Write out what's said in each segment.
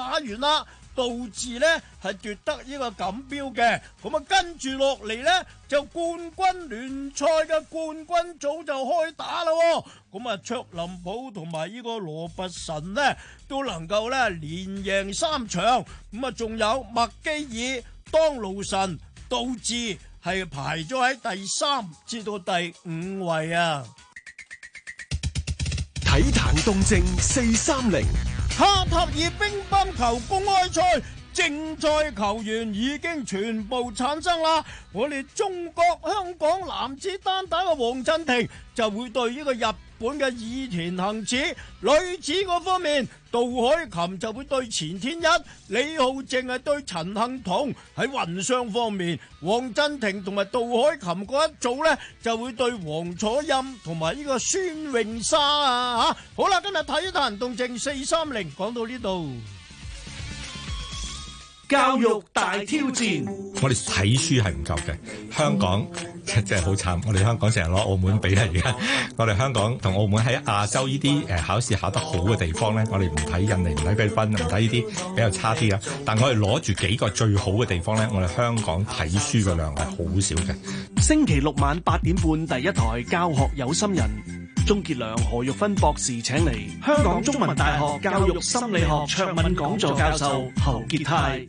打完啦，杜致呢係奪得呢個錦標嘅，咁啊跟住落嚟呢，就冠軍聯賽嘅冠軍組就開打啦，咁啊卓林普同埋呢個羅拔臣呢，都能夠咧連贏三場，咁啊仲有麥基爾、當路神、杜致係排咗喺第三至到第五位啊！體壇動靜四三零。卡塔爾乒乓球公開賽。正賽球員已經全部產生啦！我哋中國香港男子單打嘅黃鎮廷就會對呢個日本嘅二田杏子，女子嗰方面杜凱琹就會對錢天一，李皓晴係對陳幸同，喺混雙方面，黃鎮廷同埋杜凱琹嗰一組呢，就會對王楚欽同埋呢個孫穎莎啊！吓，好啦，今日睇一壇動靜四三零，講到呢度。教育大挑戰，我哋睇書係唔夠嘅。香港真係係好慘，我哋香港成日攞澳門比例。而家我哋香港同澳門喺亞洲呢啲誒考試考得好嘅地方咧，我哋唔睇印尼，唔睇菲律賓，唔睇呢啲比較差啲啊。但我哋攞住幾個最好嘅地方咧，我哋香港睇書嘅量係好少嘅。星期六晚八點半，第一台教學有心人，鍾杰良、何玉芬博士請嚟香港中文大學教育心理學卓敏講座教授侯傑泰。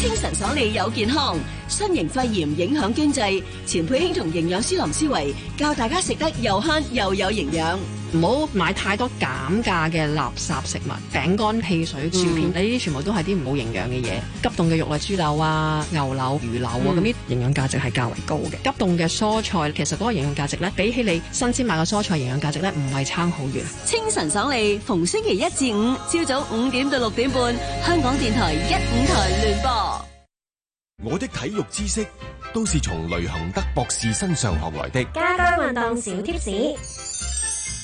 精神爽利有健康，新型肺炎影響經濟。錢佩卿同營養師林思維教大家食得又慳又有營養。唔好買太多減價嘅垃圾食物、餅乾、汽水、薯片，呢、嗯、啲全部都係啲唔好營養嘅嘢。急凍嘅肉類、豬柳啊、牛柳、魚柳啊，咁啲營養價值係較為高嘅。急凍嘅蔬菜，其實嗰個營養價值咧，比起你新鮮買嘅蔬菜營養價值呢，營養價值咧唔係差好遠。清晨爽利，逢星期一至五，朝早五點到六點半，香港電台一五台聯播。我的體育知識都是從雷恆德博士身上學來的。家居運動小貼士。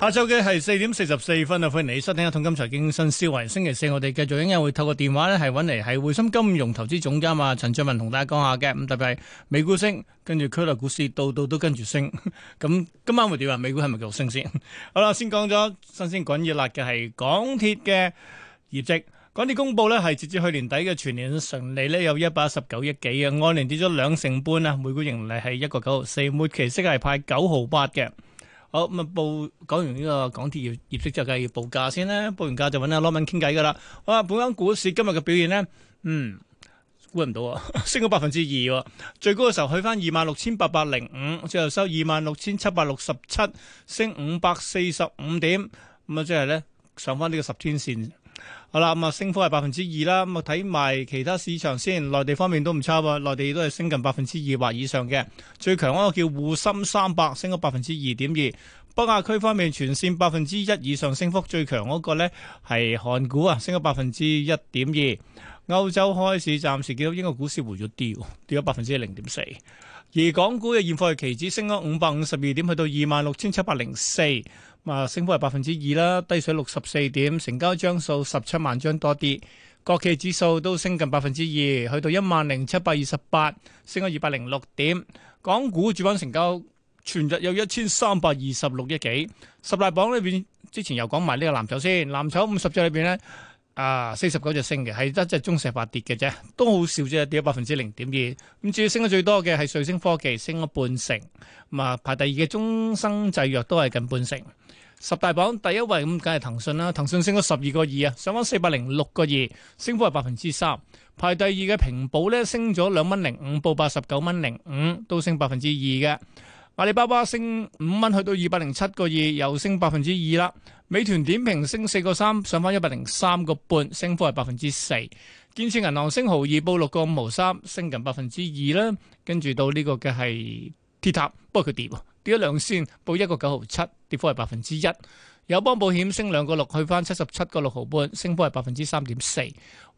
下晝嘅係四點四十四分啊，歡迎你收聽《一桶金財經新思維》。星期四我哋繼續，今日會透過電話咧，係揾嚟係匯豐金融投資總監啊陳俊文同大家講下嘅。咁特別係美股升，跟住區內股市到到都跟住升。咁今晚會點啊？美股係咪繼續升先？好啦，先講咗新鮮滾熱辣嘅係港鐵嘅業績。港鐵公佈咧係截至去年底嘅全年純利咧有一百一十九億幾嘅，按年跌咗兩成半啊。每股盈利係一個九毫四，末期息係派九毫八嘅。好咁啊，報講完呢個港鐵業業績就梗係要報價先啦。報完價就揾阿羅文傾偈噶啦。好，本港股市今日嘅表現咧，嗯，估唔到啊， 升咗百分之二喎，最高嘅時候去翻二萬六千八百零五，最後收二萬六千七百六十七，升五百四十五點，咁啊，即係咧上翻呢個十天線。好啦，咁啊，升幅係百分之二啦。咁啊，睇埋其他市場先，內地方面都唔差喎，內地都係升近百分之二或以上嘅。最強嗰個叫滬深三百，升咗百分之二點二。北亞區方面全線百分之一以上升幅，最強嗰個呢係韓股啊，升咗百分之一點二。歐洲開市暫時見到英國股市回落啲，跌咗百分之零點四。而港股嘅現貨期指升咗五百五十二點，去到二萬六千七百零四。啊！升幅係百分之二啦，低水六十四點，成交張數十七萬張多啲。國企指數都升近百分之二，去到一萬零七百二十八，升咗二百零六點。港股主板成交全日有一千三百二十六億幾。十大榜裏邊之前又講埋呢個藍籌先，藍籌五十隻裏邊呢，啊，四十九隻升嘅，係一隻中石化跌嘅啫，都好少啫，跌咗百分之零點二。咁主要升得最多嘅係瑞星科技，升咗半成。啊，排第二嘅中生製藥都係近半成。十大榜第一位咁，梗係騰訊啦。騰訊升咗十二個二啊，上翻四百零六個二，升幅係百分之三。排第二嘅平保咧，升咗兩蚊零五，報八十九蚊零五，都升百分之二嘅。阿里巴巴升五蚊，去到二百零七個二，又升百分之二啦。美團點評升四個三，上翻一百零三個半，升幅係百分之四。建設銀行升毫二，報六個五毫三，升近百分之二啦。跟住到呢個嘅係。鐵塔，不過佢跌，跌咗兩仙，報一個九毫七，跌幅係百分之一。友邦保險升兩個六，去翻七十七個六毫半，升幅係百分之三點四。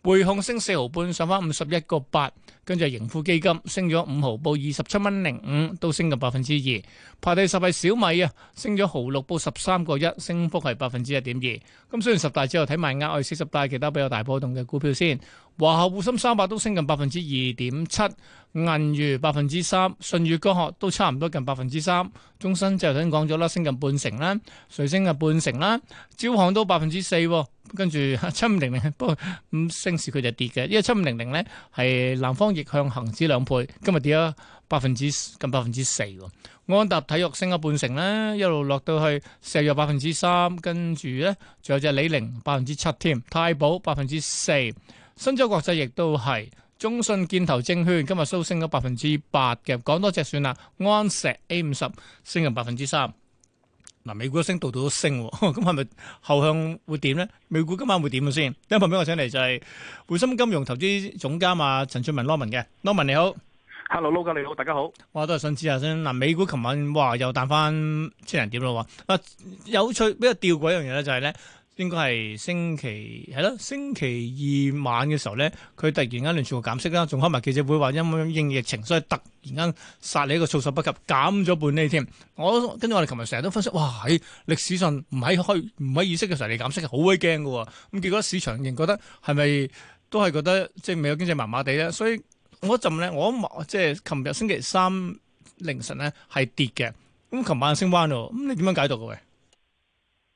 匯控升四毫半，上翻五十一個八，跟住盈富基金升咗五毫，報二十七蚊零五，都升近百分之二。排第十係小米啊，升咗毫六，報十三個一，升幅係百分之一點二。咁雖然十大之後睇埋額外四十大，試試其他比較大波動嘅股票先。華夏滬深三百都升近百分之二點七，銀娛百分之三，信譽光學都差唔多近百分之三，中新就頭先講咗啦，升近半成啦，瑞星啊半成啦，招行，都百分之四，跟住七五零零，不過咁升市佢就跌嘅，因為七五零零咧係南方逆向恒指兩倍，今日跌咗百分之近百分之四。安踏體育升咗半成啦，一路落到去石油百分之三，跟住咧仲有隻李寧百分之七添，太保百分之四。新洲國際亦都係中信建投證券今日收升咗百分之八嘅，講多隻算啦，安石 A 五十升咗百分之三。嗱，美股一升，度度都升，咁係咪後向會點咧？美股今晚會點先？第一份俾我請嚟就係匯深金融投資總監啊，陳俊文 Lowen 嘅，Lowen 你好，Hello Low 嘅你好，大家好。我都係想知下先。嗱，美股琴晚話又彈翻千零點咯喎，啊，有趣比較吊詭一樣嘢咧，就係咧。應該係星期係咯，星期二晚嘅時候咧，佢突然間連全部減息啦，仲開埋記者會話因應疫情，所以突然間殺你一個措手不及，減咗半厘添。我跟住我哋琴日成日都分析，哇喺歷史上唔喺開唔喺意識嘅時候你的減息嘅好鬼驚嘅喎。咁結果市場仍覺得係咪都係覺得即係美國經濟麻麻地咧。所以嗰陣咧，我即係琴日星期三凌晨咧係跌嘅。咁琴晚升翻喎，咁你點樣解讀嘅喂？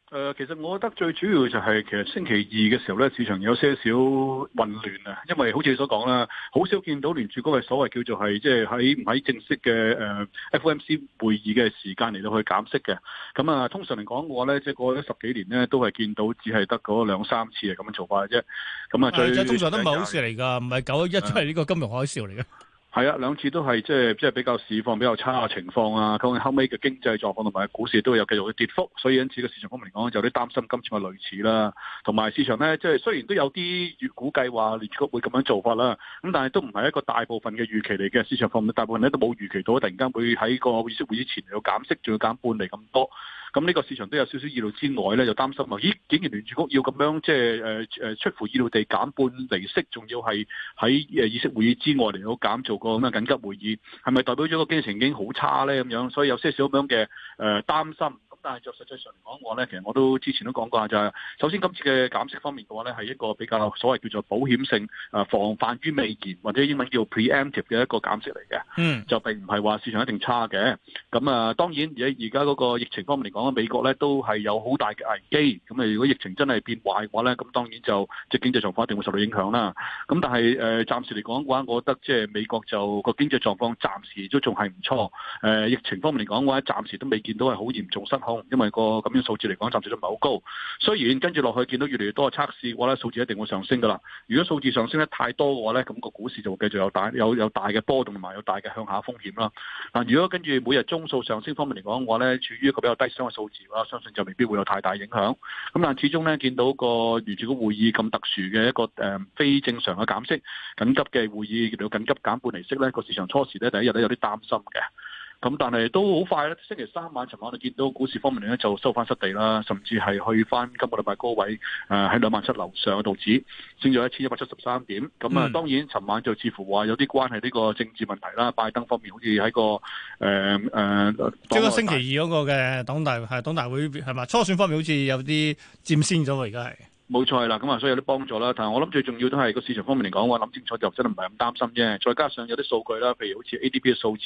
誒、呃，其實我覺得最主要就係其實星期二嘅時候咧，市場有些少混亂啊，因為好似你所講啦，好少見到聯儲局嘅所謂叫做係即係喺唔喺正式嘅誒、呃、FOMC 會議嘅時間嚟到去減息嘅。咁啊，通常嚟講嘅話咧，即、就、係、是、過咗十幾年咧，都係見到只係得嗰兩三次係咁樣做法嘅啫。咁啊，最是通常都唔係好事嚟㗎，唔係九一出嚟呢個金融海嘯嚟嘅。係啊，兩次都係即係即係比較市況比較差嘅情況啊，咁後尾嘅經濟狀況同埋股市都會有繼續嘅跌幅，所以因此個市場方面嚟講，有啲擔心今次係類似啦。同埋市場咧，即係雖然都有啲預估計話聯儲局會咁樣做法啦，咁但係都唔係一個大部分嘅預期嚟嘅。市場方面大部分咧都冇預期到，突然間會喺個議息會議之前嚟到減息，仲要減半厘咁多。咁呢個市場都有少少意料之外咧，就擔心啊！咦，竟然聯儲局要咁樣即係誒出乎意料地減半利息，仲要係喺議息會議之外嚟到減，做個咁樣緊急會議，係咪代表咗個經濟情景好差咧？咁樣，所以有些少咁樣嘅誒、呃、擔心。但係就實際上嚟講，我咧其實我都之前都講過就係首先今次嘅減息方面嘅話咧，係一個比較所謂叫做保險性啊，防範於未然，或者英文叫 preemptive 嘅一個減息嚟嘅。嗯，就並唔係話市場一定差嘅。咁啊，當然而而家嗰個疫情方面嚟講，美國咧都係有好大嘅危機。咁啊，如果疫情真係變壞嘅話咧，咁當然就即係經濟狀況一定會受到影響啦。咁但係誒，暫時嚟講嘅話，我覺得即係美國就個經濟狀況暫時都仲係唔錯。誒，疫情方面嚟講嘅話，暫時都未見到係好嚴重失控。因為個咁樣數字嚟講，暫時都唔係好高。雖然跟住落去見到越嚟越多嘅測試，話咧數字一定會上升噶啦。如果數字上升得太多嘅話咧，咁、嗰個股市就繼續有大有有大嘅波動同埋有大嘅向下風險啦。但如果跟住每日中數上升方面嚟講，嘅話咧處於一個比較低雙嘅數字啦，相信就未必會有太大影響。咁但係始終咧見到個如住嘅會議咁特殊嘅一個誒、呃、非正常嘅減息緊急嘅會議，叫緊急減半厘息咧，個市場初時咧第一日都有啲擔心嘅。咁但係都好快咧，星期三晚，尋晚我哋見到股市方面咧就收翻失地啦，甚至係去翻今個禮拜高位，誒喺兩萬七樓上嘅道指升咗一千一百七十三點。咁、嗯、啊，當然尋晚就似乎話有啲關係呢個政治問題啦，拜登方面好似喺個誒誒，即係個星期二嗰個嘅黨大係黨大會，係嘛初選方面好似有啲佔先咗，而家係。冇錯啦，咁啊，所以有啲幫助啦。但係我諗最重要都係個市場方面嚟講，我諗清楚就真係唔係咁擔心啫。再加上有啲數據啦，譬如好似 ADP 嘅數字，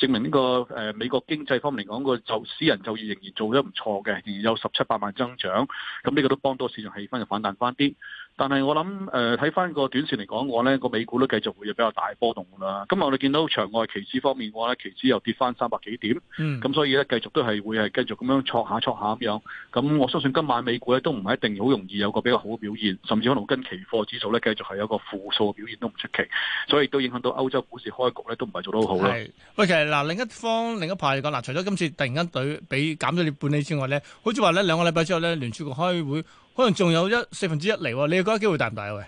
證明呢個誒美國經濟方面嚟講，個就私人就業仍然做得唔錯嘅，仍然有十七八萬增長。咁呢個都幫到市場氣氛就反彈翻啲。但係我諗誒睇翻個短線嚟講，我呢個美股都繼續會有比較大波動啦。今日我哋見到場外期指方面嘅話呢，期指又跌翻三百幾點。咁、嗯、所以呢繼續都係會係繼續咁樣挫下挫下咁樣。咁我相信今晚美股呢都唔係一定好容易有個比較好嘅表現，甚至可能跟期貨指數咧繼續係有一個負數嘅表現都唔出奇，所以亦都影響到歐洲股市開局咧都唔係做得好好啦。係，喂，其實嗱另一方另一派嚟講，嗱除咗今次突然間對俾減咗你半厘之外咧，好似話咧兩個禮拜之後咧聯儲局開會，可能仲有一四分之一嚟，你覺得機會大唔大啊？喂？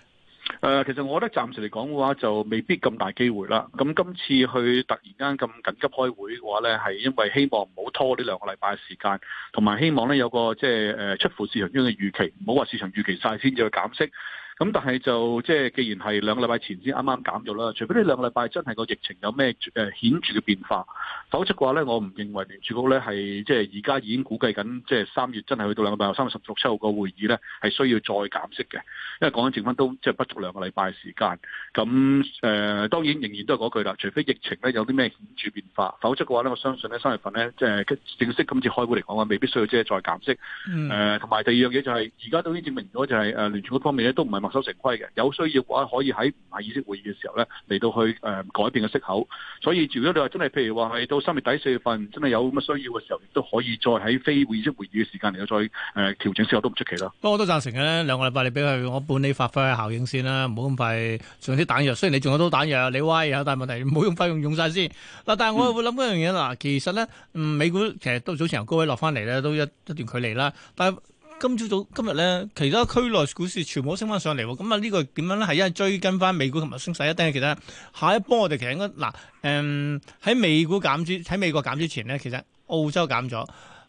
誒、呃，其實我覺得暫時嚟講嘅話，就未必咁大機會啦。咁今次去突然間咁緊急開會嘅話呢，係因為希望唔好拖呢兩個禮拜時間，同埋希望呢有個即係誒出乎市場中嘅預期，唔好話市場預期晒先至去減息。咁、嗯、但係就即係，既然係兩個禮拜前先啱啱減咗啦，除非呢兩個禮拜真係個疫情有咩誒顯著嘅變化，否則嘅話咧，我唔認為聯儲局咧係即係而家已經估計緊，即係三月真係去到兩個禮拜三月十六、七號個會議咧，係需要再減息嘅。因為講緊剩翻都即係不足兩個禮拜時間。咁、呃、誒當然仍然都係嗰句啦，除非疫情咧有啲咩顯著變化，否則嘅話咧，我相信咧三月份咧即係正式今次開會嚟講，未必需要即係再減息。誒同埋第二樣嘢就係、是，而家都已經證明咗，就係聯儲局方面咧都唔係守成規嘅，有需要嘅話可以喺唔係議息會議嘅時候咧嚟到去誒改變嘅息口，所以如果你話真係譬如話係到三月底四月份真係有咁嘅需要嘅時候，亦都可以再喺非議息會議嘅時間嚟到再誒調整息口都唔出奇咯，不過，我都贊成嘅咧，兩個禮拜你俾佢我半你發揮下效應先啦，唔好咁快上啲彈藥。雖然你仲有多彈藥，你威啊，但係問題唔好用費用用晒先嗱。但係我會諗嗰樣嘢啦，其實咧，嗯，美股其實都早前由高位落翻嚟咧，都一一段距離啦，但係。今朝早，早今日咧，其他區內股市全部都升翻上嚟。咁、嗯、啊，這個、呢個點樣咧？係因為追跟翻美股同埋升勢，一定係其他下一波。我哋其實嗱，誒喺、嗯、美股減之喺美國減之前咧，其實澳洲減咗，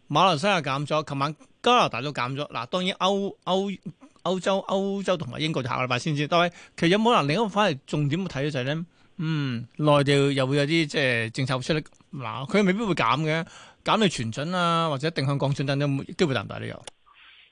馬來西亞減咗，琴晚加拿大都減咗。嗱，當然歐歐歐，歐洲、歐洲同埋英國就下禮拜先知。各位其實有冇可能另一個反而重點睇嘅就係、是、咧，嗯，內地又會有啲即係政策出嚟嗱，佢未必會減嘅減，你全準啊，或者定向降準等等機會大唔大都、這、有、個？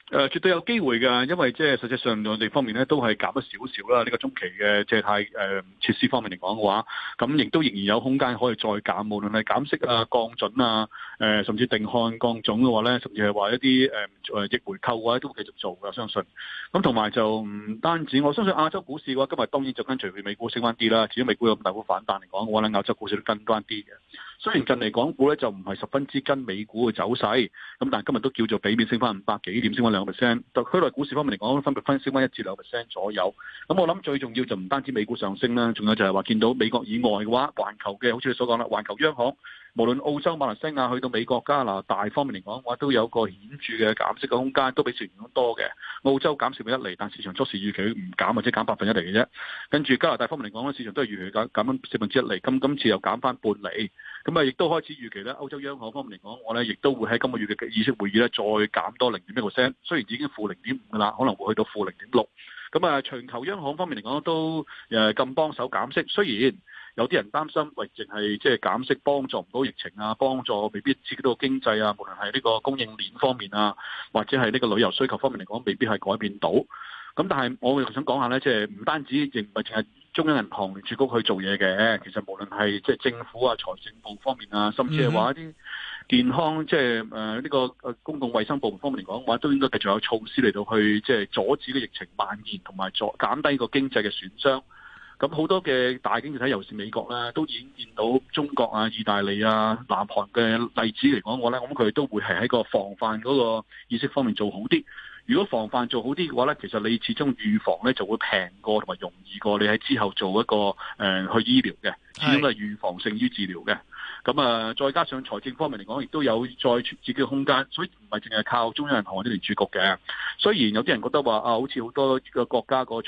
誒、呃，絕對有機會㗎，因為即係實際上兩地方面咧都係減咗少少啦。呢、這個中期嘅借貸誒、呃、設施方面嚟講嘅話，咁亦都仍然有空間可以再減。無論係減息啊、降準啊、呃、甚至定向降準嘅話咧，甚至係、呃、話一啲誒誒逆回購啊，都會繼續做嘅。相信咁同埋就唔單止，我相信亞洲股市嘅話，今日當然就跟隨佢美股升翻啲啦。至於美股有咁大股反彈嚟講嘅話咧，亞洲股市都跟翻啲嘅。雖然近嚟港股咧就唔係十分之跟美股嘅走勢，咁但係今日都叫做畀面升翻五百幾點，升翻兩個 percent。就區內股市方面嚟講分，分別分升翻一至兩個 percent 左右。咁我諗最重要就唔單止美股上升啦，仲有就係話見到美國以外嘅話，環球嘅，好似你所講啦，環球央行。無論澳洲、馬來西亞、去到美國、加拿大方面嚟講，我都有個顯著嘅減息嘅空間，都比前年多嘅。澳洲減少咗一厘，但市場初時預期唔減或者減百分之一厘嘅啫。跟住加拿大方面嚟講咧，市場都係預期減減四分之一厘，今今次又減翻半厘。咁啊，亦都開始預期呢歐洲央行方面嚟講，我哋亦都會喺今個月嘅議息會議呢，再減多零點一個 percent。雖然已經負零點五㗎啦，可能會去到負零點六。咁啊，全球央行方面嚟講都誒咁幫手減息，雖然。有啲人擔心，喂，淨係即係減息幫助唔到疫情啊，幫助未必刺激到經濟啊。無論係呢個供應鏈方面啊，或者係呢個旅遊需求方面嚟講，未必係改變到。咁但係我哋想講下咧，即係唔單止亦唔係淨係中央銀行聯儲局去做嘢嘅，其實無論係即係政府啊、財政部方面啊，甚至係話一啲健康即係誒呢個公共衛生部門方面嚟講，話都應該繼續有措施嚟到去即係阻止個疫情蔓延，同埋作減低個經濟嘅損傷。咁好多嘅大經濟體，尤其是美國咧，都已經見到中國啊、意大利啊、南韓嘅例子嚟講，嘅話咧，咁佢都會係喺個防範嗰個意識方面做好啲。如果防範做好啲嘅話咧，其實你始終預防咧就會平過同埋容易過，你喺之後做一個誒去醫療嘅，始終都係預防勝於治療嘅。咁啊，再加上財政方面嚟講，亦都有再出自己嘅空間，所以唔係淨係靠中央銀行呢啲主局嘅。雖然有啲人覺得話啊，好似好多個國家個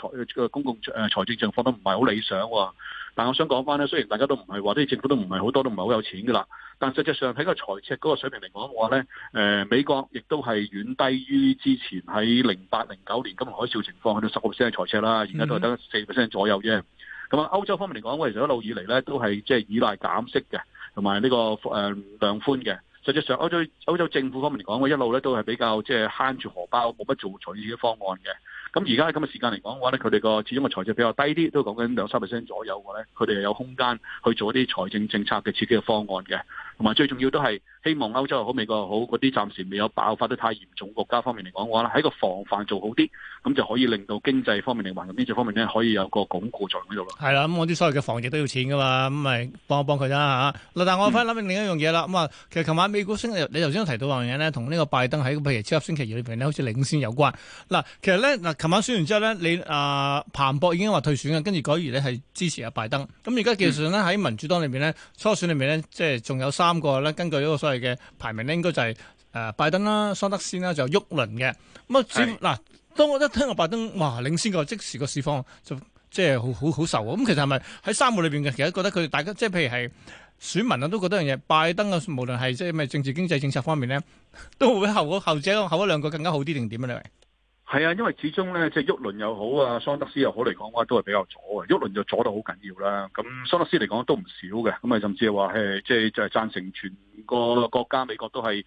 公共財財政狀況都唔係好理想喎。但我想講翻咧，雖然大家都唔係話即係政府都唔係好多，都唔係好有錢㗎啦。但實際上喺個財赤嗰個水平嚟講嘅話咧，美國亦都係遠低於之前喺零八零九年金融海嘯情況去到十個 percent 嘅財赤啦，而家都係得四 percent 左右啫。Mm -hmm. 咁啊，歐洲方面嚟講，其實一路以嚟咧都係即係倚賴減息嘅，同埋呢個誒量寬嘅。實際上歐洲歐洲政府方面嚟講，我一路咧都係比較即係慳住荷包，冇乜做財政嘅方案嘅。咁而家咁嘅時間嚟講嘅話咧，佢哋個始終嘅財政比較低啲，都講緊兩三 percent 左右嘅咧，佢哋有空間去做一啲財政政策嘅刺激嘅方案嘅。同埋最重要都係希望歐洲又好，美國又好，嗰啲暫時未有爆發得太嚴重國家方面嚟講嘅話咧，喺個防範做好啲，咁就可以令到經濟方面環球經濟方面咧，可以有個鞏固作用喺度咯。係啦，咁、嗯、我啲所謂嘅防疫都要錢噶嘛，咁咪幫一幫佢啦嚇。嗱，但我返諗另一樣嘢啦。咁、嗯、啊，其實琴晚美股升，你頭先提到話嘅咧，同呢個拜登喺譬如超級星期二裏邊好似領先有關。嗱，其實咧，嗱，琴晚選完之後咧，你啊、呃、彭博已經話退選嘅，跟住改而咧係支持阿拜登。咁而家計算咧喺民主黨裏邊咧，初選裏面咧，即係仲有三。三個咧，根據呢個所謂嘅排名呢，應該就係誒拜登啦、桑德斯啦，就沃倫嘅。咁啊，選嗱，當我一聽個拜登，哇，領先個即時個市況就即係好好好受喎。咁其實係咪喺三個裏邊嘅？其實覺得佢哋大家即係譬如係選民啊，都覺得樣嘢拜登啊，無論係即係咩政治經濟政策方面咧，都會後後者後一兩個更加好啲定點啊兩位？係啊，因為始終咧，即係沃倫又好啊，桑德斯又好嚟講嘅話，都係比較左嘅。沃倫就左得好緊要啦。咁桑德斯嚟講都唔少嘅。咁啊，甚至係話係即係就係、是、贊成全個國家美國都係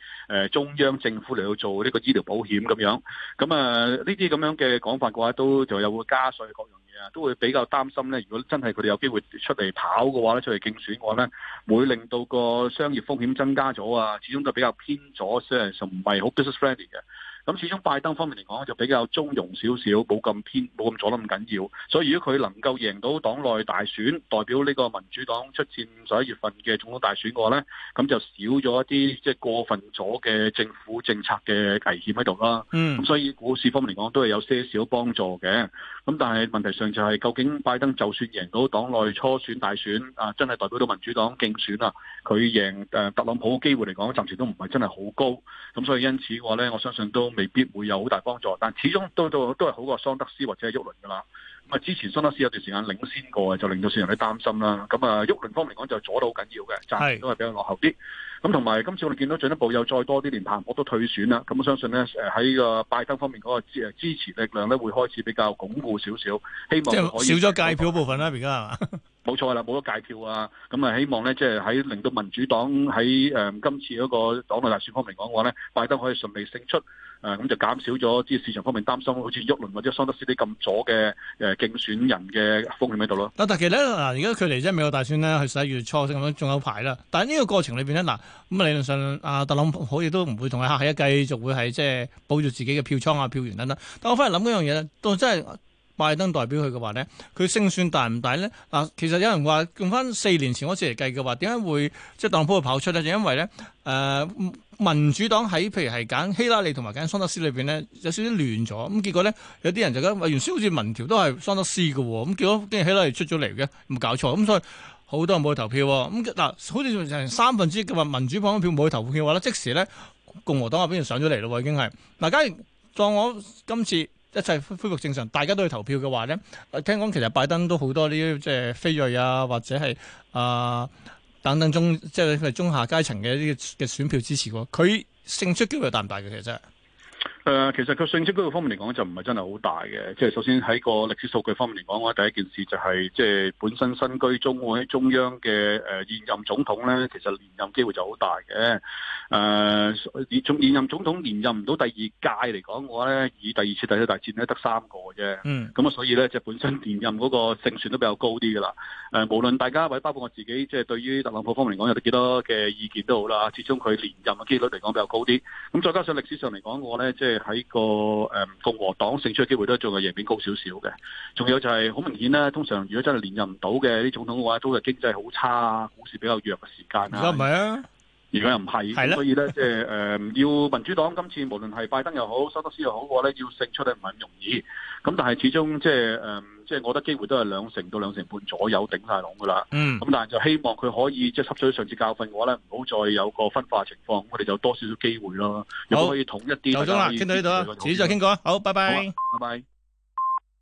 中央政府嚟去做呢個醫療保險咁樣。咁啊，呢啲咁樣嘅講法嘅話，都就又會加稅各樣嘢啊，都會比較擔心咧。如果真係佢哋有機會出嚟跑嘅話咧，出嚟競選嘅話咧，會令到個商業風險增加咗啊。始終都比較偏左些，所以就唔係好 business friendly 嘅。咁始終拜登方面嚟講就比較中庸少少，冇咁偏，冇咁阻得咁緊要。所以如果佢能夠贏到黨內大選，代表呢個民主黨出戰十一月份嘅總統大選嘅話呢，咁就少咗一啲即係過分咗嘅政府政策嘅危險喺度啦。嗯，咁所以股市方面嚟講都係有些少幫助嘅。咁但係問題上就係、是，究竟拜登就算贏到黨內初選大選，啊，真係代表到民主黨競選啊，佢贏誒特朗普機會嚟講，暫時都唔係真係好高。咁所以因此嘅話呢，我相信都。未必會有好大幫助，但始終都都都係好過桑德斯或者係沃倫噶啦。咁啊，之前桑德斯有段時間領先過，就令到市民都擔心啦。咁啊，沃倫方面嚟講就阻到好緊要嘅，暫時都係比較落後啲。咁同埋今次我哋見到進一步有再多啲連拍，我都退選啦。咁我相信咧，喺個拜登方面嗰個支支持力量咧會開始比較鞏固少少，希望少咗界票部分啦、啊。而家係嘛？ 冇錯啦，冇咗界票啊！咁、嗯、啊，希望咧，即係喺令到民主黨喺誒今次嗰個黨內大選方面嚟講話咧，拜登可以順利勝出，誒、呃、咁就減少咗啲市場方面擔心，好似沃倫或者桑德斯啲咁左嘅誒競選人嘅風險喺度咯。但特其實嗱而家距離真係美國大選咧，係十一月初先咁樣，仲有排啦。但係呢個過程裏面咧，嗱咁啊理論上，阿、啊、特朗普好似都唔會同佢客氣，繼續會係即係保住自己嘅票倉啊、票源啦等等。但我反而諗嗰樣嘢咧，都真拜登代表佢嘅話咧，佢勝算大唔大咧？嗱，其實有人話用翻四年前嗰次嚟計嘅話，點解會即係特朗普會跑出咧？就因為咧，誒、呃、民主黨喺譬如係揀希拉里同埋揀桑德斯裏邊咧，有少少亂咗。咁結果咧，有啲人就覺得，原先好似民調都係桑德斯嘅喎，咁結果竟然希拉里出咗嚟嘅，冇搞錯。咁所以好多人冇去投票。咁、啊、嗱，好似三分之一嘅話，民主黨票冇去投票嘅話咧，即時咧共和黨啊，竟然上咗嚟咯，已經係嗱、啊。假如當我今次。一切恢復正常，大家都去投票嘅話，咧，聽講其實拜登都好多呢啲即係非裔啊，或者係啊、呃、等等中即係、佢係、中下階層嘅啲嘅選票支持喎，佢勝出機會大唔大嘅其實真係？誒、呃，其實佢信息嗰個方面嚟講就唔係真係好大嘅。即、就、係、是、首先喺個歷史數據方面嚟講嘅話，我第一件事就係、是，即、就、係、是、本身新居中喺中央嘅誒、呃、現任總統咧，其實連任機會就好大嘅。誒、呃，連任現任總統連任唔到第二屆嚟講嘅話咧，以第二次、第一次大戰咧得三個嘅啫。咁、嗯、啊，所以咧，即、就、係、是、本身連任嗰個勝算都比較高啲噶啦。誒、呃，無論大家或者包括我自己，即、就、係、是、對於特朗普方面嚟講有幾多嘅意見都好啦。始終佢連任嘅機率嚟講比較高啲。咁再加上歷史上嚟講，我咧即係。就是喺個誒、嗯、共和黨勝出嘅機會都係做係贏面高少少嘅，仲有就係好明顯咧。通常如果真係連任唔到嘅呢總統嘅話，都係經濟好差、股市比較弱嘅時間啦。而家唔係啊，而家又唔係，咁所以咧、就是，即係誒，要民主黨今次無論係拜登又好、桑德斯又好嘅話咧，要勝出咧唔係容易。咁但係始終即係誒。嗯即係我覺得機會都係兩成到兩成半左右頂晒籠噶啦，咁、嗯、但係就希望佢可以即係吸取上次教訓嘅話咧，唔好再有個分化情況，我哋就多少少機會咯，又可以統一啲，好，到啦，傾到呢度，遲啲再傾過，好，拜拜，拜拜。